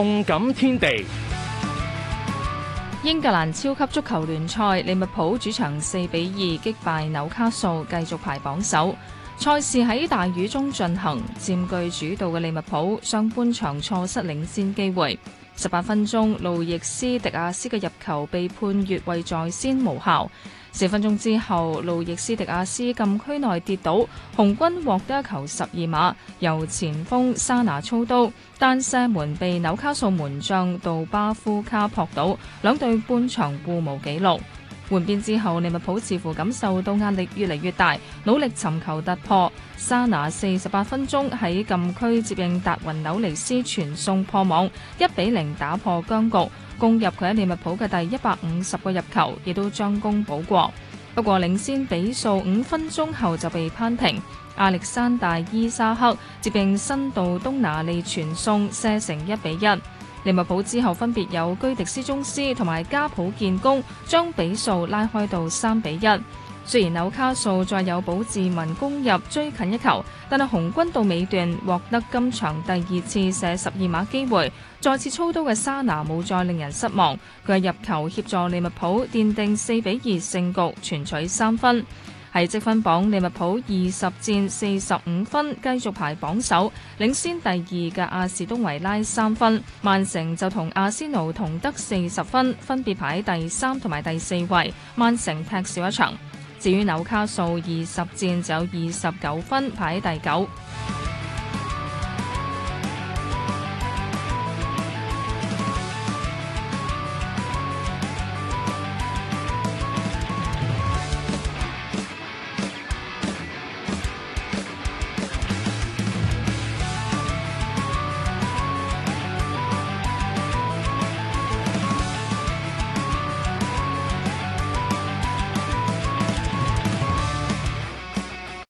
動感天地，英格蘭超級足球聯賽，利物浦主場四比二擊敗紐卡素，繼續排榜首。賽事喺大雨中進行，佔據主導嘅利物浦上半場錯失領先機會。十八分鐘，路易斯迪亞斯嘅入球被判越位在先無效。四分鐘之後，路易斯迪亞斯禁區內跌倒，紅軍獲得一球十二碼，由前鋒沙拿操刀，但射門被紐卡素門將杜巴夫卡撲倒，兩隊半場互無紀錄。換邊之後，利物浦似乎感受到壓力越嚟越大，努力尋求突破。沙拿四十八分鐘喺禁區接應達雲紐尼斯傳送破網，一比零打破僵局，攻入佢喺利物浦嘅第一百五十個入球，亦都將功補過。不過領先比數五分鐘後就被扳平，亞歷山大伊沙克接應辛度東拿利傳送射成一比一。利物浦之後分別有居迪斯宗司同埋加普建功，將比數拉開到三比一。雖然紐卡素再有保志民攻入追近一球，但係紅軍到尾段獲得今場第二次射十二碼機會，再次操刀嘅沙拿冇再令人失望，佢係入球協助利物浦奠定四比二勝局，全取三分。係積分榜，利物浦二十戰四十五分，繼續排榜首，領先第二嘅阿士東維拉三分。曼城就同阿仙奴同得四十分，分別排喺第三同埋第四位。曼城踢少一場。至於紐卡素二十戰就有二十九分，排喺第九。